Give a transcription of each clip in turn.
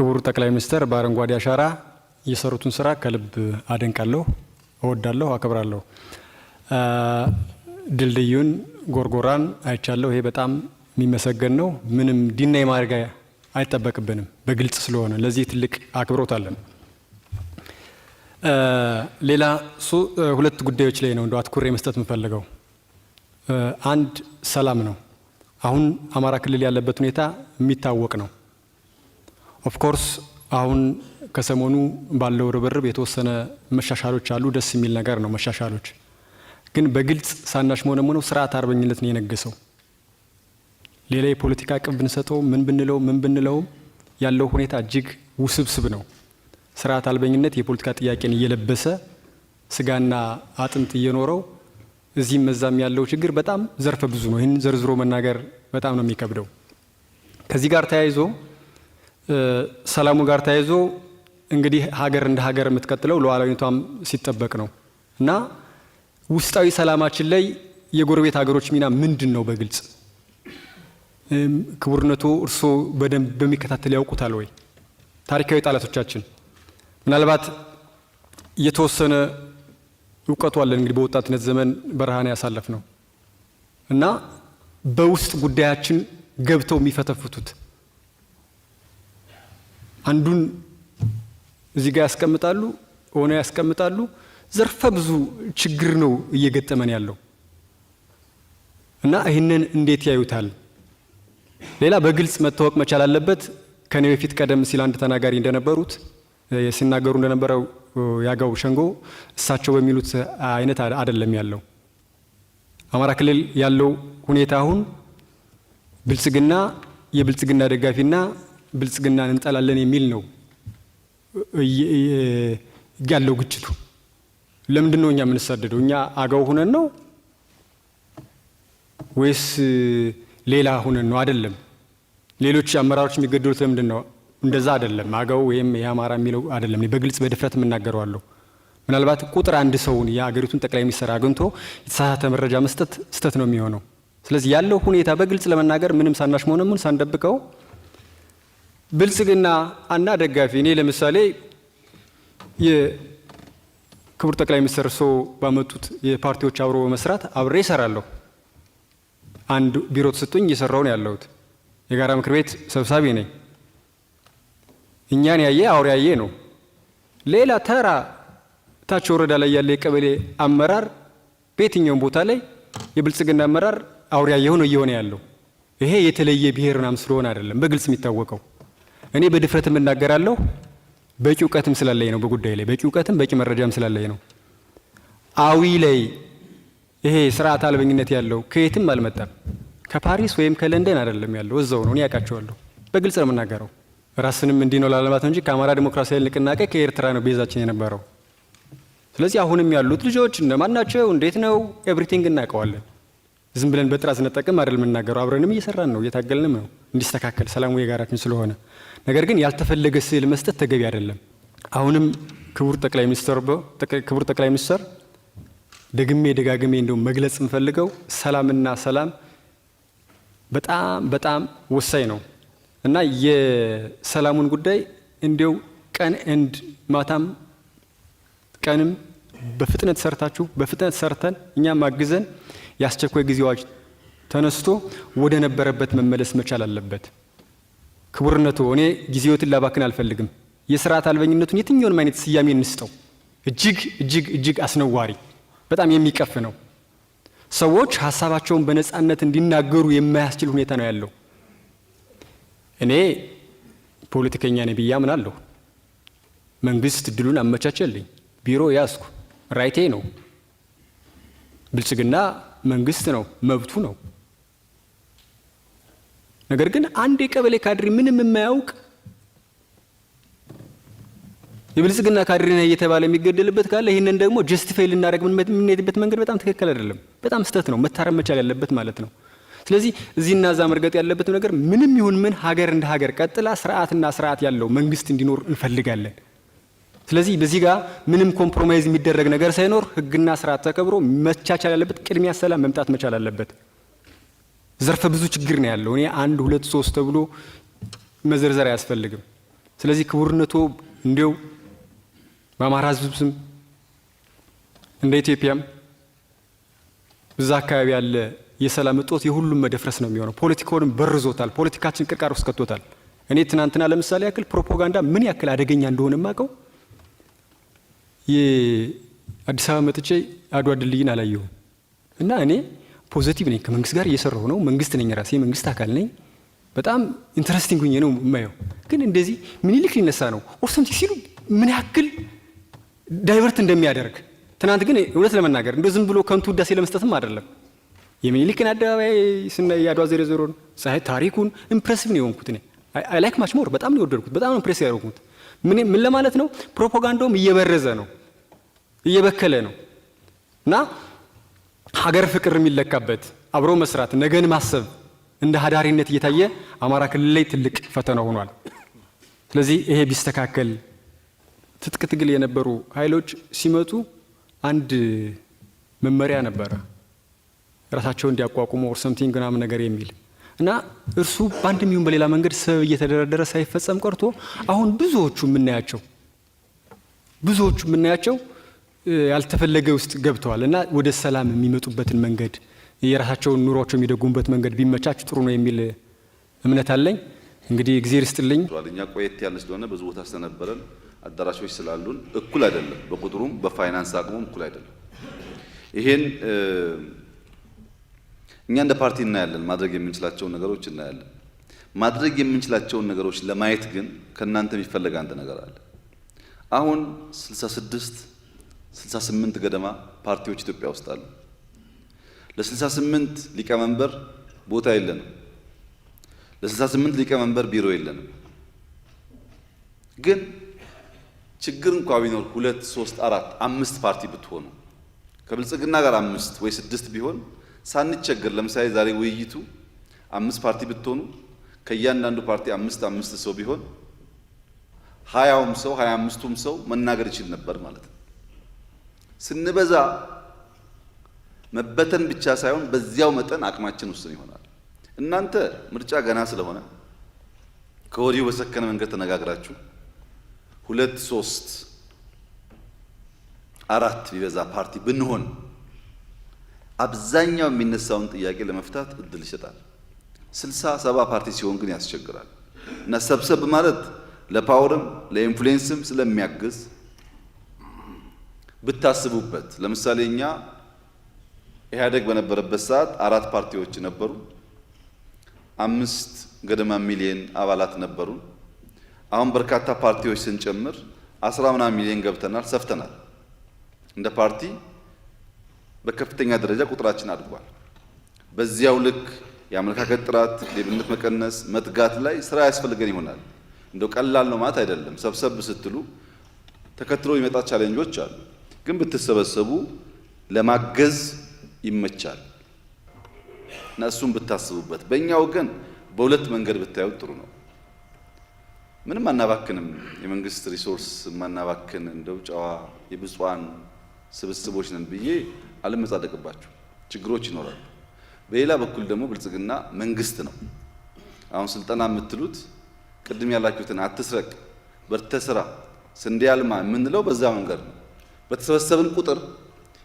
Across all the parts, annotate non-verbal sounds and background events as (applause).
ክቡር ጠቅላይ ሚኒስትር በአረንጓዴ አሻራ የሰሩትን ስራ ከልብ አደንቃለሁ፣ እወዳለሁ፣ አከብራለሁ። ድልድዩን፣ ጎርጎራን አይቻለሁ። ይሄ በጣም የሚመሰገን ነው። ምንም ዲናይ ማድረግ አይጠበቅብንም በግልጽ ስለሆነ ለዚህ ትልቅ አክብሮት አለን። ሌላ ሁለት ጉዳዮች ላይ ነው እንደ አትኩሬ መስጠት የምፈልገው። አንድ ሰላም ነው። አሁን አማራ ክልል ያለበት ሁኔታ የሚታወቅ ነው። ኦፍኮርስ አሁን ከሰሞኑ ባለው ርብርብ የተወሰነ መሻሻሎች አሉ። ደስ የሚል ነገር ነው መሻሻሎች። ግን በግልጽ ሳናሽ መሆነ ሆነው ስርዓት አርበኝነት ነው የነገሰው። ሌላ የፖለቲካ ቅብ ብንሰጠው ምን ብንለው ምን ብንለውም ያለው ሁኔታ እጅግ ውስብስብ ነው። ስርዓት አልበኝነት የፖለቲካ ጥያቄን እየለበሰ ስጋና አጥንት እየኖረው እዚህም መዛም ያለው ችግር በጣም ዘርፈ ብዙ ነው። ይህን ዘርዝሮ መናገር በጣም ነው የሚከብደው። ከዚህ ጋር ተያይዞ ሰላሙ ጋር ተያይዞ እንግዲህ ሀገር እንደ ሀገር የምትቀጥለው ሉዓላዊነቷም ሲጠበቅ ነው እና ውስጣዊ ሰላማችን ላይ የጎረቤት ሀገሮች ሚና ምንድን ነው? በግልጽ ክቡርነቱ እርስዎ በደንብ በሚከታተል ያውቁታል ወይ? ታሪካዊ ጠላቶቻችን ምናልባት የተወሰነ እውቀቱ አለን። እንግዲህ በወጣትነት ዘመን በረሃን ያሳለፍ ነው እና በውስጥ ጉዳያችን ገብተው የሚፈተፍቱት አንዱን እዚህ ጋር ያስቀምጣሉ ሆነ ያስቀምጣሉ። ዘርፈ ብዙ ችግር ነው እየገጠመን ያለው እና ይህንን እንዴት ያዩታል? ሌላ በግልጽ መታወቅ መቻል አለበት። ከኔ በፊት ቀደም ሲል አንድ ተናጋሪ እንደነበሩት ሲናገሩ እንደነበረው ያገው ሸንጎ እሳቸው በሚሉት አይነት አይደለም ያለው። አማራ ክልል ያለው ሁኔታ አሁን ብልጽግና የብልጽግና ደጋፊና ብልጽግናን እንጠላለን የሚል ነው ያለው ግጭቱ። ለምንድን ነው እኛ የምንሳደደው? እኛ አገው ሁነን ነው ወይስ ሌላ ሁነን ነው? አይደለም። ሌሎች አመራሮች የሚገደሉት ለምንድን ነው? እንደዛ አይደለም። አገው ወይም የአማራ የሚለው አይደለም። በግልጽ በድፍረት የምናገረዋለሁ። ምናልባት ቁጥር አንድ ሰውን የሀገሪቱን ጠቅላይ ሚኒስትር አግኝቶ የተሳሳተ መረጃ መስጠት ስህተት ነው የሚሆነው። ስለዚህ ያለው ሁኔታ በግልጽ ለመናገር ምንም ሳናሽ መሆነ ሳንደብቀው ብልጽግና እና ደጋፊ እኔ ለምሳሌ የክቡር ጠቅላይ ሚኒስትር ሰው ባመጡት የፓርቲዎች አብሮ በመስራት አብሬ እሰራለሁ። አንድ ቢሮ ተሰጥቶኝ እየሰራው ነው ያለሁት። የጋራ ምክር ቤት ሰብሳቢ ነኝ። እኛን ያየ አውሬ ያየ ነው። ሌላ ተራ ታች ወረዳ ላይ ያለ የቀበሌ አመራር በየትኛውም ቦታ ላይ የብልጽግና አመራር አውሬ ያየ እየሆነ ያለው ይሄ የተለየ ብሔር ምናምን ስለሆነ አይደለም፣ በግልጽ የሚታወቀው እኔ በድፍረትም እናገራለሁ በቂ እውቀትም ስላለኝ ነው። በጉዳይ ላይ በቂ እውቀትም በቂ መረጃም ስላለኝ ነው። አዊ ላይ ይሄ ስርዓት አልበኝነት ያለው ከየትም አልመጣም። ከፓሪስ ወይም ከለንደን አይደለም ያለው፣ እዛው ነው። እኔ ያውቃቸዋለሁ። በግልጽ ነው የምናገረው። ራስንም እንዲህ ነው ላለማት እንጂ ከአማራ ዲሞክራሲያዊ ንቅናቄ ከኤርትራ ነው ቤዛችን የነበረው። ስለዚህ አሁንም ያሉት ልጆች እነማን ናቸው? እንዴት ነው? ኤቭሪቲንግ እናውቀዋለን። ዝም ብለን በጥራዝ ነጠቅም አይደለም የምናገረው። አብረንም እየሰራን ነው፣ እየታገልንም ነው እንዲስተካከል ሰላሙ የጋራችን ስለሆነ ነገር ግን ያልተፈለገ ስዕል መስጠት ተገቢ አይደለም። አሁንም ክቡር ጠቅላይ ሚኒስትር ክቡር ጠቅላይ ሚኒስትር ደግሜ ደጋግሜ እንደው መግለጽ የምፈልገው ሰላምና ሰላም በጣም በጣም ወሳኝ ነው እና የሰላሙን ጉዳይ እንዲው ቀን እንድ ማታም ቀንም በፍጥነት ሰርታችሁ በፍጥነት ሰርተን እኛም አግዘን የአስቸኳይ ጊዜ አዋጅ ተነስቶ ወደ ነበረበት መመለስ መቻል አለበት። ክቡርነቱ እኔ ጊዜዎትን ላባክን አልፈልግም። የስርዓት አልበኝነቱን የትኛውንም አይነት ስያሜ እንስጠው። እጅግ እጅግ እጅግ አስነዋሪ በጣም የሚቀፍ ነው። ሰዎች ሀሳባቸውን በነፃነት እንዲናገሩ የማያስችል ሁኔታ ነው ያለው። እኔ ፖለቲከኛ ነኝ ብዬ አምናለሁ። መንግስት እድሉን አመቻቸልኝ፣ ቢሮ ያዝኩ፣ ራይቴ ነው። ብልጽግና መንግስት ነው፣ መብቱ ነው። ነገር ግን አንድ የቀበሌ ካድሪ ምንም የማያውቅ የብልጽግና ካድሪ ነ እየተባለ የሚገደልበት ካለ ይህንን ደግሞ ጀስቲፋይ ልናደረግ የምንሄድበት መንገድ በጣም ትክክል አይደለም። በጣም ስህተት ነው፣ መታረም መቻል ያለበት ማለት ነው። ስለዚህ እዚህና እዛ መርገጥ ያለበት ነገር ምንም ይሁን ምን ሀገር እንደ ሀገር ቀጥላ ስርዓትና ስርዓት ያለው መንግስት እንዲኖር እንፈልጋለን። ስለዚህ በዚህ ጋር ምንም ኮምፕሮማይዝ የሚደረግ ነገር ሳይኖር ህግና ስርዓት ተከብሮ መቻቻል ያለበት ቅድሚያ ሰላም መምጣት መቻል አለበት። ዘርፈ ብዙ ችግር ነው ያለው። እኔ አንድ ሁለት ሶስት ተብሎ መዘርዘር አያስፈልግም። ስለዚህ ክቡርነቶ እንዲው በአማራ ሕዝብ ስም እንደ ኢትዮጵያም እዛ አካባቢ ያለ የሰላም እጦት የሁሉም መደፍረስ ነው የሚሆነው። ፖለቲካውንም በርዞታል። ፖለቲካችን ቅርቃር ውስጥ ከቶታል። እኔ ትናንትና ለምሳሌ ያክል ፕሮፓጋንዳ ምን ያክል አደገኛ እንደሆነ የማውቀው የአዲስ አበባ መጥቼ አድዋ ድልድይን አላየሁም እና እኔ ፖዘቲቭ ነኝ። ከመንግስት ጋር እየሰራሁ ነው። መንግስት ነኝ፣ ራሴ መንግስት አካል ነኝ። በጣም ኢንትረስቲንግ ሁኜ ነው የማየው። ግን እንደዚህ ምኒልክ ሊነሳ ነው ኦር ሲሉ ምን ያክል ዳይቨርት እንደሚያደርግ ትናንት ግን እውነት ለመናገር እንደ ዝም ብሎ ከንቱ ውዳሴ ለመስጠትም አይደለም የሚኒሊክን አደባባይ ስናይ የአድዋ ዘሮ ዘሮን ሳይ ታሪኩን ኢምፕሬሲቭ ነው የሆንኩት። አይ ላይክ ማች ሞር በጣም ነው የወደድኩት። በጣም ነው ኢምፕሬሲቭ ያደረኩት። ምን ምን ለማለት ነው ፕሮፓጋንዳውም እየበረዘ ነው እየበከለ ነው እና ሀገር ፍቅር የሚለካበት አብሮ መስራት፣ ነገን ማሰብ እንደ ሀዳሪነት እየታየ አማራ ክልል ላይ ትልቅ ፈተና ሆኗል። ስለዚህ ይሄ ቢስተካከል ትጥቅ ትግል የነበሩ ኃይሎች ሲመጡ አንድ መመሪያ ነበረ ራሳቸው እንዲያቋቁሙ ኦር ሰምቲንግ ምናምን ነገር የሚል እና እርሱ በአንድም ይሁን በሌላ መንገድ ሰበብ እየተደረደረ ሳይፈጸም ቀርቶ አሁን ብዙዎቹ የምናያቸው ብዙዎቹ የምናያቸው ያልተፈለገ ውስጥ ገብተዋል እና ወደ ሰላም የሚመጡበትን መንገድ የራሳቸውን ኑሯቸው የሚደጉሙበት መንገድ ቢመቻች ጥሩ ነው የሚል እምነት አለኝ። እንግዲህ እግዜር ይስጥልኝ። እኛ ቆየት ያለ ስለሆነ ብዙ ቦታ ስለነበረን አዳራሾች ስላሉን እኩል አይደለም፣ በቁጥሩም በፋይናንስ አቅሙም እኩል አይደለም። ይሄን እኛ እንደ ፓርቲ እናያለን፣ ማድረግ የምንችላቸውን ነገሮች እናያለን። ማድረግ የምንችላቸውን ነገሮች ለማየት ግን ከእናንተ የሚፈለግ አንድ ነገር አለ። አሁን 66 68 ገደማ ፓርቲዎች ኢትዮጵያ ውስጥ አሉ። ለ68 ሊቀመንበር ቦታ የለንም። ለ68 ሊቀመንበር ቢሮ የለንም። ግን ችግር እንኳ ቢኖር ሁለት ሶስት አራት አምስት ፓርቲ ብትሆኑ ከብልጽግና ጋር አምስት ወይ ስድስት ቢሆን ሳንቸገር፣ ለምሳሌ ዛሬ ውይይቱ አምስት ፓርቲ ብትሆኑ ከእያንዳንዱ ፓርቲ አምስት አምስት ሰው ቢሆን ሀያውም ሰው ሀያ አምስቱም ሰው መናገር ይችል ነበር ማለት ነው። ስንበዛ መበተን ብቻ ሳይሆን በዚያው መጠን አቅማችን ውስን ይሆናል። እናንተ ምርጫ ገና ስለሆነ ከወዲሁ በሰከነ መንገድ ተነጋግራችሁ ሁለት ሶስት አራት ቢበዛ ፓርቲ ብንሆን አብዛኛው የሚነሳውን ጥያቄ ለመፍታት እድል ይሰጣል። ስልሳ ሰባ ፓርቲ ሲሆን ግን ያስቸግራል እና ሰብሰብ ማለት ለፓወርም ለኢንፍሉዌንስም ስለሚያግዝ ብታስቡበት። ለምሳሌ እኛ ኢህአደግ በነበረበት ሰዓት አራት ፓርቲዎች ነበሩ። አምስት ገደማ ሚሊየን አባላት ነበሩ። አሁን በርካታ ፓርቲዎች ስንጨምር አስራ ምናምን ሚሊየን ገብተናል፣ ሰፍተናል። እንደ ፓርቲ በከፍተኛ ደረጃ ቁጥራችን አድጓል። በዚያው ልክ የአመለካከት ጥራት፣ ሌብነት መቀነስ፣ መትጋት ላይ ስራ ያስፈልገን ይሆናል። እንደው ቀላል ነው ማለት አይደለም። ሰብሰብ ስትሉ ተከትሎ ይመጣ ቻሌንጆች አሉ። ግን ብትሰበሰቡ ለማገዝ ይመቻል እና እሱን ብታስቡበት። በእኛ ወገን በሁለት መንገድ ብታዩት ጥሩ ነው። ምንም አናባክንም፣ የመንግስት ሪሶርስ ማናባክን እንደው ጨዋ የብፁዓን ስብስቦች ነን ብዬ አልመጻደቅባቸው። ችግሮች ይኖራሉ። በሌላ በኩል ደግሞ ብልጽግና መንግስት ነው። አሁን ስልጠና የምትሉት ቅድም ያላችሁትን አትስረቅ፣ በርተ ስራ፣ ስንዴ አልማ የምንለው በዛ መንገድ ነው። በተሰበሰብን ቁጥር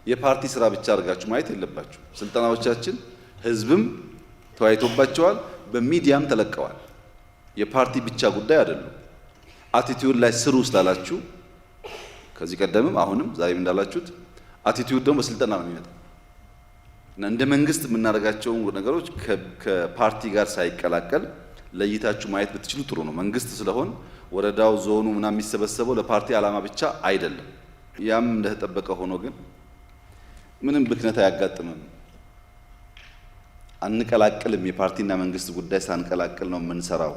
የፓርቲ ስራ ብቻ አድርጋችሁ ማየት የለባችሁ። ስልጠናዎቻችን ህዝብም ተወያይቶባቸዋል፣ በሚዲያም ተለቀዋል። የፓርቲ ብቻ ጉዳይ አይደሉም። አቲቲዩድ ላይ ስሩ ስላላችሁ ከዚህ ቀደምም አሁንም ዛሬም እንዳላችሁት አቲቲዩድ ደግሞ በስልጠና ነው የሚመጣው እና እንደ መንግስት የምናደርጋቸውን ነገሮች ከፓርቲ ጋር ሳይቀላቀል ለይታችሁ ማየት ብትችሉ ጥሩ ነው። መንግስት ስለሆን ወረዳው፣ ዞኑ ምናምን የሚሰበሰበው ለፓርቲ ዓላማ ብቻ አይደለም። ያም እንደተጠበቀ ሆኖ ግን ምንም ብክነት አያጋጥምም። አንቀላቅልም፣ የፓርቲና መንግስት ጉዳይ ሳንቀላቅል ነው የምንሰራው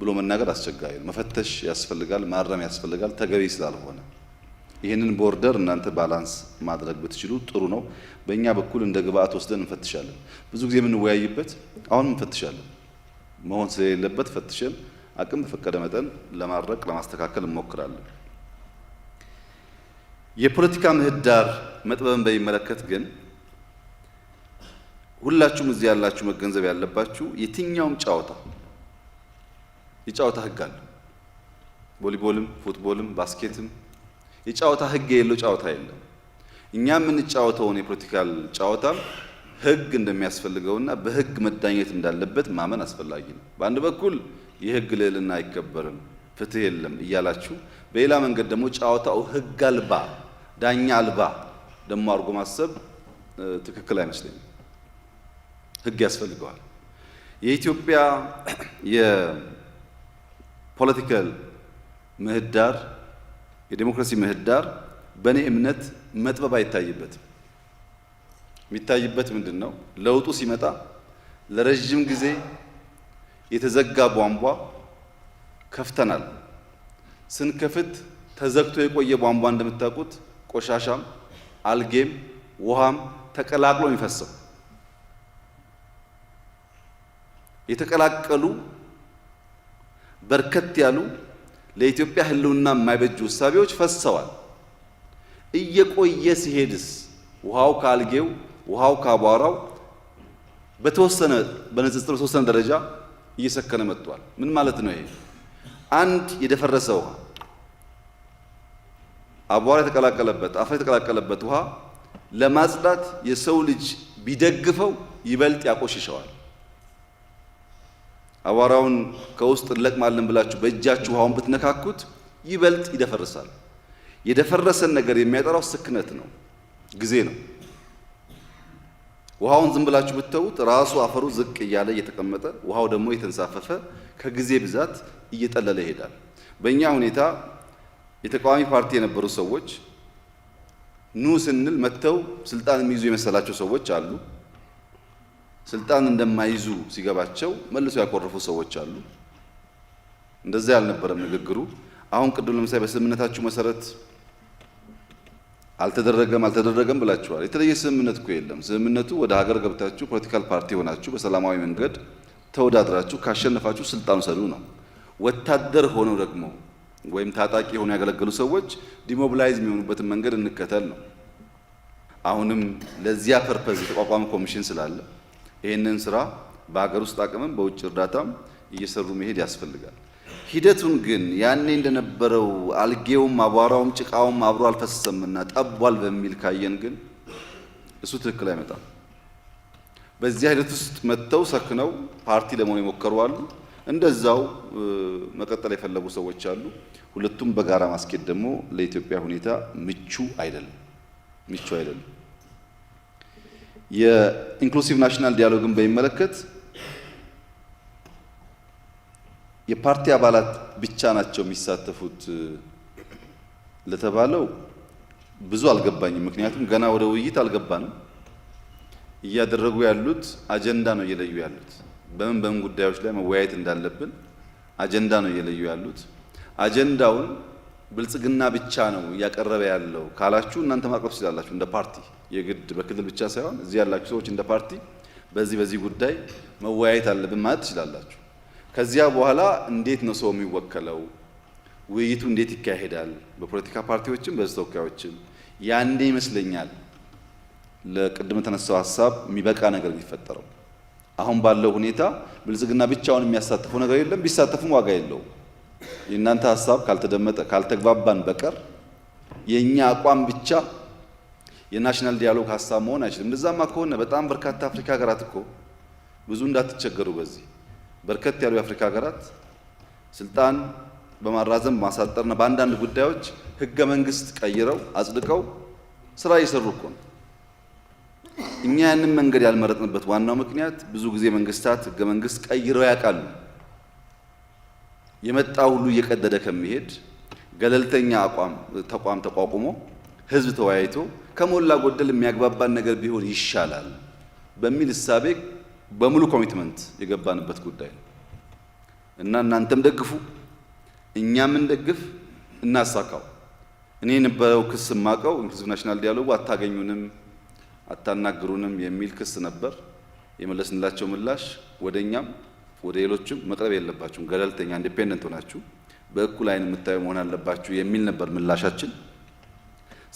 ብሎ መናገር አስቸጋሪ ነው። መፈተሽ ያስፈልጋል፣ ማረም ያስፈልጋል። ተገቢ ስላልሆነ ይህንን ቦርደር እናንተ ባላንስ ማድረግ ብትችሉ ጥሩ ነው። በእኛ በኩል እንደ ግብአት ወስደን እንፈትሻለን። ብዙ ጊዜ የምንወያይበት አሁንም እንፈትሻለን። መሆን ስለሌለበት ፈትሸን አቅም በፈቀደ መጠን ለማድረቅ ለማስተካከል እንሞክራለን። የፖለቲካ ምህዳር መጥበብን በሚመለከት ግን ሁላችሁም እዚህ ያላችሁ መገንዘብ ያለባችሁ የትኛውም ጨዋታ የጨዋታ ህግ አለ። ቮሊቦልም፣ ፉትቦልም፣ ባስኬትም የጨዋታ ህግ የሌለው ጨዋታ የለም። እኛ የምንጫወተውን የፖለቲካል ጨዋታ ህግ እንደሚያስፈልገውና በህግ መዳኘት እንዳለበት ማመን አስፈላጊ ነው። በአንድ በኩል የህግ ልዕልና አይከበርም። ፍትህ የለም እያላችሁ በሌላ መንገድ ደግሞ ጨዋታው ህግ አልባ ዳኛ አልባ ደግሞ አድርጎ ማሰብ ትክክል አይመስለኝም። ህግ ያስፈልገዋል። የኢትዮጵያ (clears throat) የፖለቲካል ምህዳር የዴሞክራሲ ምህዳር በእኔ እምነት መጥበብ አይታይበትም። የሚታይበት ምንድን ነው? ለውጡ ሲመጣ ለረዥም ጊዜ የተዘጋ ቧንቧ ከፍተናል። ስንከፍት ተዘግቶ የቆየ ቧንቧ እንደምታውቁት ቆሻሻም አልጌም ውሃም ተቀላቅሎ የሚፈሰው የተቀላቀሉ በርከት ያሉ ለኢትዮጵያ ሕልውና የማይበጁ እሳቤዎች ፈሰዋል። እየቆየ ሲሄድስ ውሃው ከአልጌው ውሃው ከአቧራው በተወሰነ በንጽጽር በተወሰነ ደረጃ እየሰከነ መጥቷል። ምን ማለት ነው ይሄ? አንድ የደፈረሰ ውሃ አቧራ የተቀላቀለበት አፈር የተቀላቀለበት ውሃ ለማጽዳት የሰው ልጅ ቢደግፈው ይበልጥ ያቆሽሸዋል። አቧራውን ከውስጥ እንለቅማለን ብላችሁ በእጃችሁ ውሃውን ብትነካኩት ይበልጥ ይደፈርሳል። የደፈረሰን ነገር የሚያጠራው ስክነት ነው፣ ጊዜ ነው። ውሃውን ዝም ብላችሁ ብትተዉት ራሱ አፈሩ ዝቅ እያለ እየተቀመጠ ውሃው ደግሞ የተንሳፈፈ ከጊዜ ብዛት እየጠለለ ይሄዳል። በእኛ ሁኔታ የተቃዋሚ ፓርቲ የነበሩ ሰዎች ኑ ስንል መጥተው ስልጣን የሚይዙ የመሰላቸው ሰዎች አሉ። ስልጣን እንደማይዙ ሲገባቸው መልሶ ያኮረፉ ሰዎች አሉ። እንደዛ ያልነበረም ንግግሩ። አሁን ቅድም ለምሳሌ በስምምነታችሁ መሰረት አልተደረገም አልተደረገም ብላችኋል። የተለየ ስምምነት እኮ የለም። ስምምነቱ ወደ ሀገር ገብታችሁ ፖለቲካል ፓርቲ ሆናችሁ በሰላማዊ መንገድ ተወዳድራችሁ ካሸነፋችሁ ስልጣን ውሰዱ ነው። ወታደር ሆነው ደግሞ ወይም ታጣቂ ሆነው ያገለገሉ ሰዎች ዲሞቢላይዝ የሚሆኑበትን መንገድ እንከተል ነው። አሁንም ለዚያ ፐርፐዝ የተቋቋመ ኮሚሽን ስላለ ይህንን ስራ በሀገር ውስጥ አቅምም በውጭ እርዳታም እየሰሩ መሄድ ያስፈልጋል። ሂደቱን ግን ያኔ እንደነበረው አልጌውም አቧራውም ጭቃውም አብሮ አልፈሰሰምና ጠቧል በሚል ካየን ግን እሱ ትክክል አይመጣም። በዚህ አይነት ውስጥ መጥተው ሰክነው ፓርቲ ለመሆን የሞከሩ አሉ። እንደዛው መቀጠል የፈለጉ ሰዎች አሉ። ሁለቱም በጋራ ማስኬድ ደግሞ ለኢትዮጵያ ሁኔታ ምቹ አይደለም፣ ምቹ አይደለም። የኢንክሉሲቭ ናሽናል ዲያሎግን በሚመለከት የፓርቲ አባላት ብቻ ናቸው የሚሳተፉት ለተባለው ብዙ አልገባኝም። ምክንያቱም ገና ወደ ውይይት አልገባንም። እያደረጉ ያሉት አጀንዳ ነው እየለዩ ያሉት። በምን በምን ጉዳዮች ላይ መወያየት እንዳለብን አጀንዳ ነው እየለዩ ያሉት። አጀንዳውን ብልጽግና ብቻ ነው እያቀረበ ያለው ካላችሁ እናንተ ማቅረብ ትችላላችሁ። እንደ ፓርቲ የግድ በክልል ብቻ ሳይሆን እዚህ ያላችሁ ሰዎች እንደ ፓርቲ በዚህ በዚህ ጉዳይ መወያየት አለብን ማለት ትችላላችሁ። ከዚያ በኋላ እንዴት ነው ሰው የሚወከለው? ውይይቱ እንዴት ይካሄዳል? በፖለቲካ ፓርቲዎችም በህዝብ ተወካዮችም ያኔ ይመስለኛል ለቅድም የተነሳው ሀሳብ የሚበቃ ነገር የሚፈጠረው አሁን ባለው ሁኔታ ብልጽግና ብቻውን የሚያሳትፈው ነገር የለም። ቢሳተፉም ዋጋ የለውም። የእናንተ ሀሳብ ካልተደመጠ ካልተግባባን በቀር የእኛ አቋም ብቻ የናሽናል ዲያሎግ ሀሳብ መሆን አይችልም። እንደዛማ ከሆነ በጣም በርካታ አፍሪካ ሀገራት እኮ ብዙ እንዳትቸገሩ፣ በዚህ በርከት ያሉ የአፍሪካ ሀገራት ስልጣን በማራዘም በማሳጠርና በአንዳንድ ጉዳዮች ህገ መንግስት ቀይረው አጽድቀው ስራ እየሰሩ እኮ ነው። እኛ ያንን መንገድ ያልመረጥንበት ዋናው ምክንያት ብዙ ጊዜ መንግስታት ህገ መንግስት ቀይረው ያውቃሉ። የመጣ ሁሉ እየቀደደ ከሚሄድ ገለልተኛ አቋም ተቋም ተቋቁሞ ህዝብ ተወያይቶ ከሞላ ጎደል የሚያግባባን ነገር ቢሆን ይሻላል በሚል እሳቤ በሙሉ ኮሚትመንት የገባንበት ጉዳይ ነው እና እናንተም ደግፉ፣ እኛም እንደግፍ፣ እናሳካው። እኔ የነበረው ክስ ማቀው ኢንክሉሲቭ ናሽናል ዲያሎግ አታገኙንም አታናግሩንም የሚል ክስ ነበር። የመለስንላቸው ምላሽ ወደኛም ወደ ሌሎችም መቅረብ የለባችሁም፣ ገለልተኛ ኢንዲፔንደንት ሆናችሁ በእኩል አይን የምታዩ መሆን አለባችሁ የሚል ነበር ምላሻችን።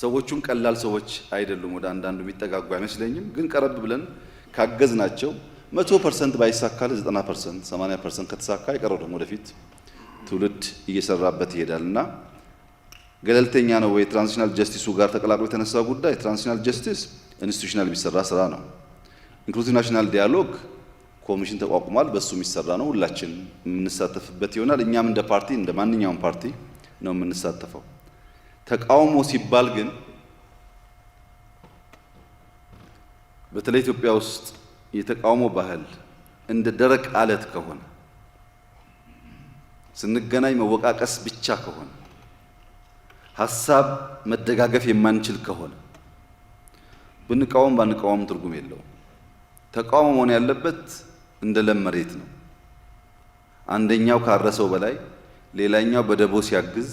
ሰዎቹም ቀላል ሰዎች አይደሉም፣ ወደ አንዳንዱ የሚጠጋጉ አይመስለኝም። ግን ቀረብ ብለን ካገዝ ናቸው መቶ ፐርሰንት ባይሳካል ዘጠና ፐርሰንት ሰማኒያ ፐርሰንት ከተሳካ የቀረው ደግሞ ወደፊት ትውልድ እየሰራበት ይሄዳል እና ገለልተኛ ነው ወይ ትራንዚሽናል ጀስቲሱ ጋር ተቀላቅሎ የተነሳ ጉዳይ ትራንዚሽናል ጀስቲስ ኢንስቲቱሽናል የሚሰራ ስራ ነው። ኢንክሉሲቭ ናሽናል ዲያሎግ ኮሚሽን ተቋቁሟል። በሱ የሚሰራ ነው። ሁላችን የምንሳተፍበት ይሆናል። እኛም እንደ ፓርቲ እንደ ማንኛውም ፓርቲ ነው የምንሳተፈው። ተቃውሞ ሲባል ግን በተለይ ኢትዮጵያ ውስጥ የተቃውሞ ባህል እንደ ደረቅ አለት ከሆነ ስንገናኝ መወቃቀስ ብቻ ከሆነ ሀሳብ መደጋገፍ የማንችል ከሆነ ብንቃወም ባንቃወም ትርጉም የለው ተቃውሞ መሆን ያለበት እንደ ለም መሬት ነው። አንደኛው ካረሰው በላይ ሌላኛው በደቦ ሲያግዝ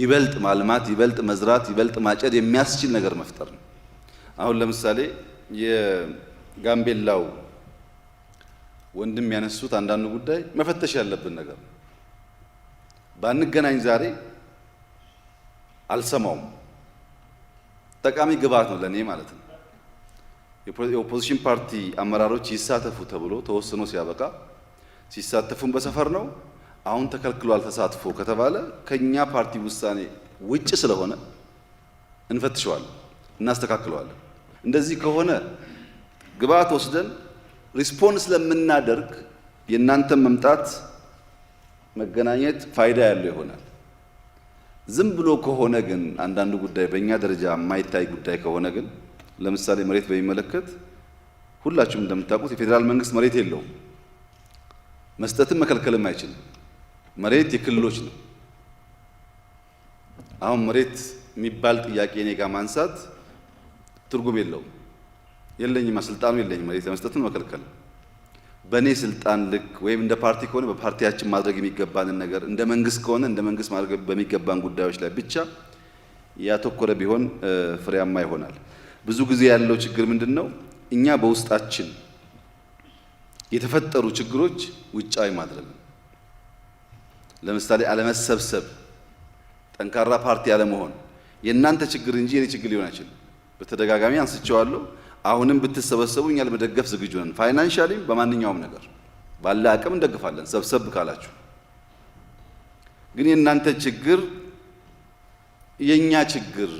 ይበልጥ ማልማት፣ ይበልጥ መዝራት፣ ይበልጥ ማጨድ የሚያስችል ነገር መፍጠር ነው። አሁን ለምሳሌ የጋምቤላው ወንድም ያነሱት አንዳንዱ ጉዳይ መፈተሽ ያለብን ነገር ነው። ባንገናኝ ዛሬ አልሰማውም ጠቃሚ ግብዓት ነው ለእኔ ማለት ነው። የኦፖዚሽን ፓርቲ አመራሮች ይሳተፉ ተብሎ ተወስኖ ሲያበቃ ሲሳተፉን በሰፈር ነው። አሁን ተከልክሏል ተሳትፎ ከተባለ ከኛ ፓርቲ ውሳኔ ውጭ ስለሆነ እንፈትሸዋለን፣ እናስተካክለዋለን። እንደዚህ ከሆነ ግብዓት ወስደን ሪስፖንስ ስለምናደርግ የእናንተን መምጣት መገናኘት ፋይዳ ያለው ይሆናል። ዝም ብሎ ከሆነ ግን አንዳንዱ ጉዳይ በእኛ ደረጃ የማይታይ ጉዳይ ከሆነ ግን ለምሳሌ መሬት በሚመለከት ሁላችሁም እንደምታውቁት የፌዴራል መንግስት መሬት የለውም። መስጠትም መከልከልም አይችልም። መሬት የክልሎች ነው። አሁን መሬት የሚባል ጥያቄ እኔ ጋር ማንሳት ትርጉም የለውም። የለኝም፣ ስልጣኑ የለኝም መሬት ለመስጠትም መከልከል በእኔ ስልጣን ልክ ወይም እንደ ፓርቲ ከሆነ በፓርቲያችን ማድረግ የሚገባንን ነገር እንደ መንግስት ከሆነ እንደ መንግስት ማድረግ በሚገባን ጉዳዮች ላይ ብቻ ያተኮረ ቢሆን ፍሬያማ ይሆናል። ብዙ ጊዜ ያለው ችግር ምንድን ነው? እኛ በውስጣችን የተፈጠሩ ችግሮች ውጫዊ ማድረግ ነው። ለምሳሌ አለመሰብሰብ፣ ጠንካራ ፓርቲ አለመሆን የእናንተ ችግር እንጂ የኔ ችግር ሊሆን አይችልም። በተደጋጋሚ አንስቸዋለሁ? አሁንም ብትሰበሰቡ እኛ ለመደገፍ ዝግጁ ነን። ፋይናንሻሊም በማንኛውም ነገር ባለ አቅም እንደግፋለን፣ ሰብሰብ ካላችሁ። ግን የእናንተ ችግር የእኛ ችግር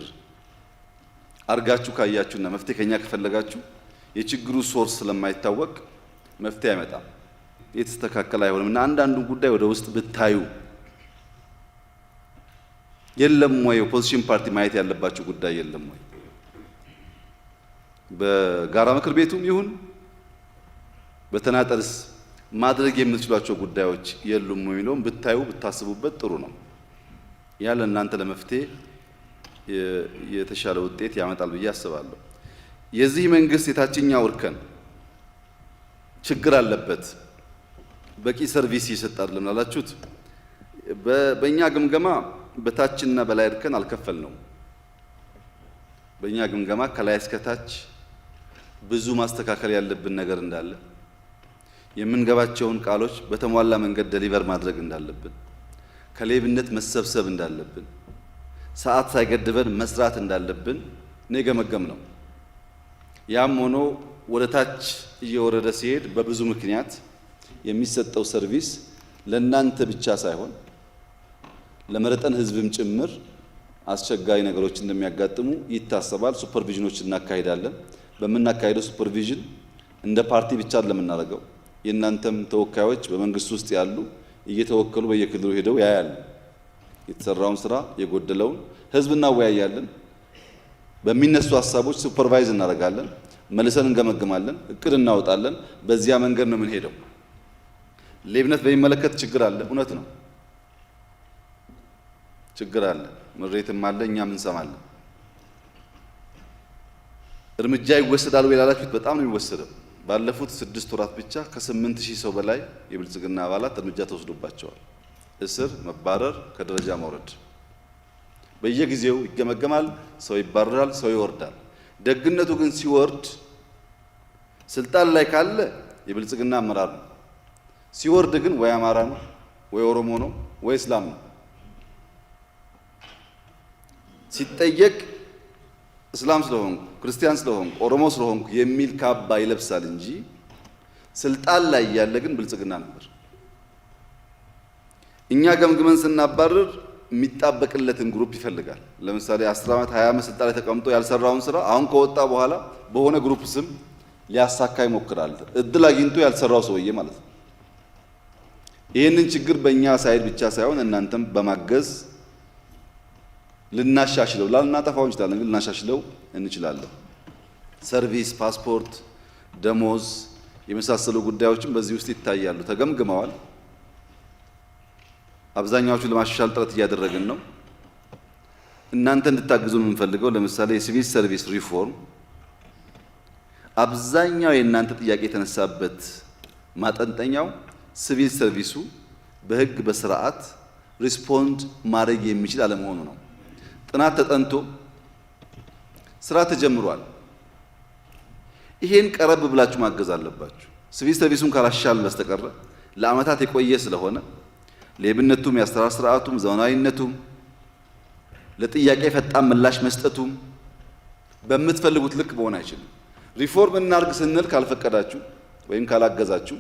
አርጋችሁ ካያችሁና መፍትሄ ከኛ ከፈለጋችሁ የችግሩ ሶርስ ስለማይታወቅ መፍትሄ አይመጣም፣ የተስተካከለ አይሆንም። እና አንዳንዱን ጉዳይ ወደ ውስጥ ብታዩ የለም ወይ ኦፖዚሽን ፓርቲ ማየት ያለባችሁ ጉዳይ የለም ወይ በጋራ ምክር ቤቱም ይሁን በተናጠልስ ማድረግ የምትችሏቸው ጉዳዮች የሉም የሚለውም ብታዩ ብታስቡበት ጥሩ ነው። ያለ እናንተ ለመፍትሄ የተሻለ ውጤት ያመጣል ብዬ አስባለሁ። የዚህ መንግስት የታችኛው እርከን ችግር አለበት፣ በቂ ሰርቪስ ይሰጥ አይደለም ላላችሁት በእኛ ግምገማ በታችና በላይ እርከን ነው። በእኛ ግምገማ ከላይ እስከታች ብዙ ማስተካከል ያለብን ነገር እንዳለ የምንገባቸውን ቃሎች በተሟላ መንገድ ደሊቨር ማድረግ እንዳለብን ከሌብነት መሰብሰብ እንዳለብን ሰዓት ሳይገድበን መስራት እንዳለብን ነው የገመገም ነው። ያም ሆኖ ወደ ታች እየወረደ ሲሄድ በብዙ ምክንያት የሚሰጠው ሰርቪስ ለእናንተ ብቻ ሳይሆን ለመረጠን ህዝብም ጭምር አስቸጋሪ ነገሮች እንደሚያጋጥሙ ይታሰባል። ሱፐርቪዥኖች እናካሂዳለን። በምናካሄደው ሱፐርቪዥን እንደ ፓርቲ ብቻ ለምናደርገው የእናንተም ተወካዮች በመንግስት ውስጥ ያሉ እየተወከሉ በየክልሉ ሄደው ያያሉ። የተሰራውን ስራ የጎደለውን ህዝብ እናወያያለን። በሚነሱ ሀሳቦች ሱፐርቫይዝ እናደርጋለን። መልሰን እንገመግማለን። እቅድ እናወጣለን። በዚያ መንገድ ነው የምንሄደው። ሌብነት በሚመለከት ችግር አለ። እውነት ነው፣ ችግር አለ። ምሬትም አለ። እኛም እንሰማለን። እርምጃ ይወሰዳል ወይ ላላችሁት፣ በጣም ነው የሚወሰደው። ባለፉት ስድስት ወራት ብቻ ከስምንት ሺህ ሰው በላይ የብልጽግና አባላት እርምጃ ተወስዶባቸዋል። እስር፣ መባረር፣ ከደረጃ መውረድ በየጊዜው ይገመገማል። ሰው ይባረራል፣ ሰው ይወርዳል። ደግነቱ ግን ሲወርድ ስልጣን ላይ ካለ የብልጽግና አመራር ነው። ሲወርድ ግን ወይ አማራ ነው ወይ ኦሮሞ ነው ወይ እስላም ነው ሲጠየቅ እስላም ስለሆንኩ ክርስቲያን ስለሆንኩ ኦሮሞ ስለሆንኩ የሚል ካባ ይለብሳል እንጂ ስልጣን ላይ ያለ ግን ብልጽግና ነበር። እኛ ገምግመን ስናባረር የሚጣበቅለትን ግሩፕ ይፈልጋል። ለምሳሌ 10 ዓመት 20 ዓመት ስልጣን ላይ ተቀምጦ ያልሰራውን ስራ አሁን ከወጣ በኋላ በሆነ ግሩፕ ስም ሊያሳካ ይሞክራል። እድል አግኝቶ ያልሰራው ሰውዬ ማለት ነው። ይህንን ችግር በእኛ ሳይድ ብቻ ሳይሆን እናንተም በማገዝ ልናሻሽለው ላልናጠፋው እንችላለን፣ ግን ልናሻሽለው እንችላለን። ሰርቪስ፣ ፓስፖርት፣ ደሞዝ የመሳሰሉ ጉዳዮችም በዚህ ውስጥ ይታያሉ፣ ተገምግመዋል። አብዛኛዎቹ ለማሻሻል ጥረት እያደረግን ነው። እናንተ እንድታግዙ የምንፈልገው ለምሳሌ የሲቪል ሰርቪስ ሪፎርም አብዛኛው የእናንተ ጥያቄ የተነሳበት ማጠንጠኛው ሲቪል ሰርቪሱ በህግ በስርዓት ሪስፖንድ ማድረግ የሚችል አለመሆኑ ነው። ጥናት ተጠንቶ ስራ ተጀምሯል። ይሄን ቀረብ ብላችሁ ማገዝ አለባችሁ። ሲቪል ሰርቪሱን ካላሻል በስተቀረ ለአመታት የቆየ ስለሆነ ሌብነቱም፣ የአሰራር ስርዓቱም፣ ዘመናዊነቱም፣ ለጥያቄ ፈጣን ምላሽ መስጠቱም በምትፈልጉት ልክ መሆን አይችልም። ሪፎርም እናርግ ስንል ካልፈቀዳችሁ ወይም ካላገዛችሁ